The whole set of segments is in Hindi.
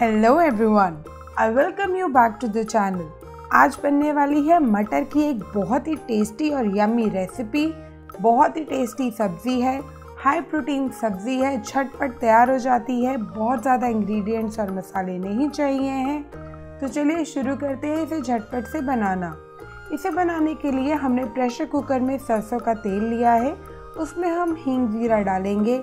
hello everyone I welcome you back to the channel आज बनने वाली है मटर की एक बहुत ही टेस्टी और यमी रेसिपी बहुत ही टेस्टी सब्ज़ी है हाई प्रोटीन सब्ज़ी है झटपट तैयार हो जाती है बहुत ज़्यादा इंग्रेडिएंट्स और मसाले नहीं चाहिए हैं तो चलिए शुरू करते हैं इसे झटपट से बनाना इसे बनाने के लिए हमने प्रेशर कुकर में सरसों का तेल लिया है उसमें हम हींग जीरा डालेंगे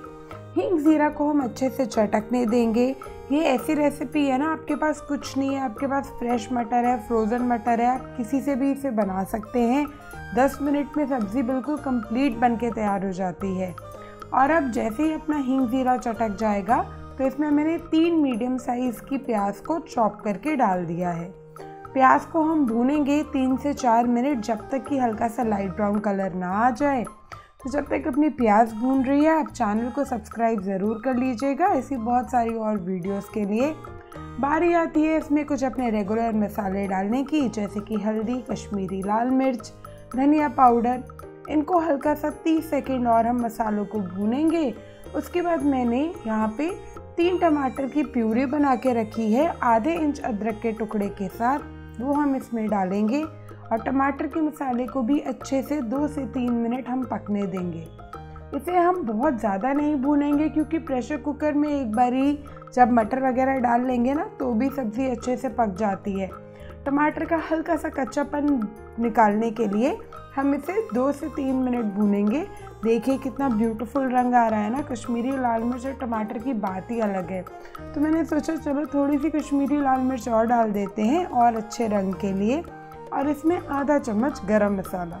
हींग ज़ीरा को हम अच्छे से चटकने देंगे ये ऐसी रेसिपी है ना आपके पास कुछ नहीं है आपके पास फ्रेश मटर है फ्रोज़न मटर है आप किसी से भी इसे बना सकते हैं दस मिनट में सब्ज़ी बिल्कुल कंप्लीट बन के तैयार हो जाती है और अब जैसे ही अपना हींग ज़ीरा चटक जाएगा तो इसमें मैंने तीन मीडियम साइज़ की प्याज को चॉप करके डाल दिया है प्याज को हम भूनेंगे तीन से चार मिनट जब तक कि हल्का सा लाइट ब्राउन कलर ना आ जाए तो जब तक अपनी प्याज भून रही है आप चैनल को सब्सक्राइब ज़रूर कर लीजिएगा ऐसी बहुत सारी और वीडियोस के लिए बारी आती है इसमें कुछ अपने रेगुलर मसाले डालने की जैसे कि हल्दी कश्मीरी लाल मिर्च धनिया पाउडर इनको हल्का सा तीस सेकेंड और हम मसालों को भूनेंगे उसके बाद मैंने यहाँ पर तीन टमाटर की प्यूरी बना के रखी है आधे इंच अदरक के टुकड़े के साथ वो हम इसमें डालेंगे और टमाटर के मसाले को भी अच्छे से दो से तीन मिनट हम पकने देंगे इसे हम बहुत ज़्यादा नहीं भूनेंगे क्योंकि प्रेशर कुकर में एक बारी जब मटर वगैरह डाल लेंगे ना तो भी सब्ज़ी अच्छे से पक जाती है टमाटर का हल्का सा कच्चापन निकालने के लिए हम इसे दो से तीन मिनट भूनेंगे देखिए कितना ब्यूटीफुल रंग आ रहा है ना कश्मीरी लाल मिर्च और टमाटर की बात ही अलग है तो मैंने सोचा चलो थोड़ी सी कश्मीरी लाल मिर्च और डाल देते हैं और अच्छे रंग के लिए और इसमें आधा चम्मच गरम मसाला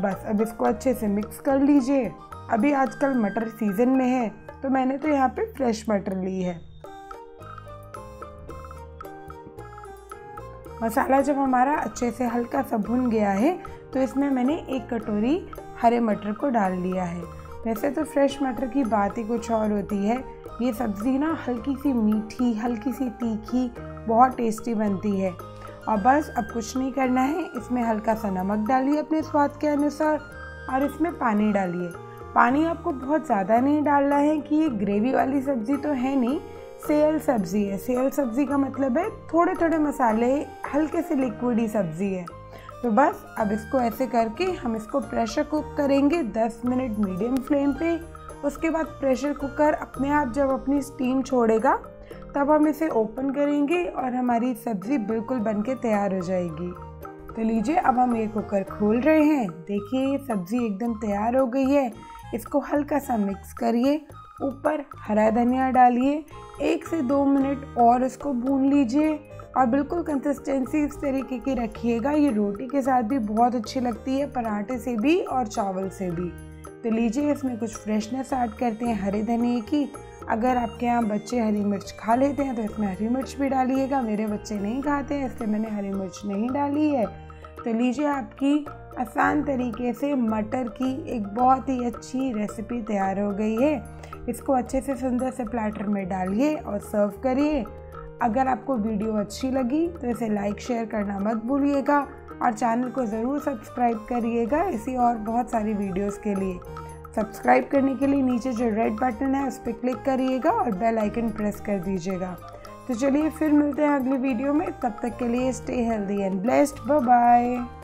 बस अब इसको अच्छे से मिक्स कर लीजिए अभी आजकल मटर सीज़न में है तो मैंने तो यहाँ पे फ्रेश मटर ली है मसाला जब हमारा अच्छे से हल्का सा भुन गया है तो इसमें मैंने एक कटोरी हरे मटर को डाल लिया है वैसे तो फ्रेश मटर की बात ही कुछ और होती है ये सब्ज़ी ना हल्की सी मीठी हल्की सी तीखी बहुत टेस्टी बनती है और बस अब कुछ नहीं करना है इसमें हल्का सा नमक डालिए अपने स्वाद के अनुसार और इसमें पानी डालिए पानी आपको बहुत ज़्यादा नहीं डालना है कि ये ग्रेवी वाली सब्ज़ी तो है नहीं सेल सब्ज़ी है सेल सब्ज़ी का मतलब है थोड़े थोड़े मसाले हल्के से लिक्विड ही सब्ज़ी है तो बस अब इसको ऐसे करके हम इसको प्रेशर कुक करेंगे 10 मिनट मीडियम फ्लेम पे उसके बाद प्रेशर कुकर अपने आप जब अपनी स्टीम छोड़ेगा तब हम इसे ओपन करेंगे और हमारी सब्ज़ी बिल्कुल बन के तैयार हो जाएगी तो लीजिए अब हम ये कुकर खोल रहे हैं देखिए ये सब्ज़ी एकदम तैयार हो गई है इसको हल्का सा मिक्स करिए ऊपर हरा धनिया डालिए एक से दो मिनट और इसको भून लीजिए और बिल्कुल कंसिस्टेंसी इस तरीके की रखिएगा ये रोटी के साथ भी बहुत अच्छी लगती है पराठे से भी और चावल से भी तो लीजिए इसमें कुछ फ्रेशनेस ऐड करते हैं हरे धनिए की अगर आपके यहाँ बच्चे हरी मिर्च खा लेते हैं तो इसमें हरी मिर्च भी डालिएगा मेरे बच्चे नहीं खाते हैं इसलिए मैंने हरी मिर्च नहीं डाली है तो लीजिए आपकी आसान तरीके से मटर की एक बहुत ही अच्छी रेसिपी तैयार हो गई है इसको अच्छे से सुंदर से प्लेटर में डालिए और सर्व करिए अगर आपको वीडियो अच्छी लगी तो इसे लाइक शेयर करना मत भूलिएगा और चैनल को ज़रूर सब्सक्राइब करिएगा इसी और बहुत सारी वीडियोस के लिए सब्सक्राइब करने के लिए नीचे जो रेड बटन है उस पर क्लिक करिएगा और बेल आइकन प्रेस कर दीजिएगा तो चलिए फिर मिलते हैं अगली वीडियो में तब तक के लिए stay healthy and blessed bye bye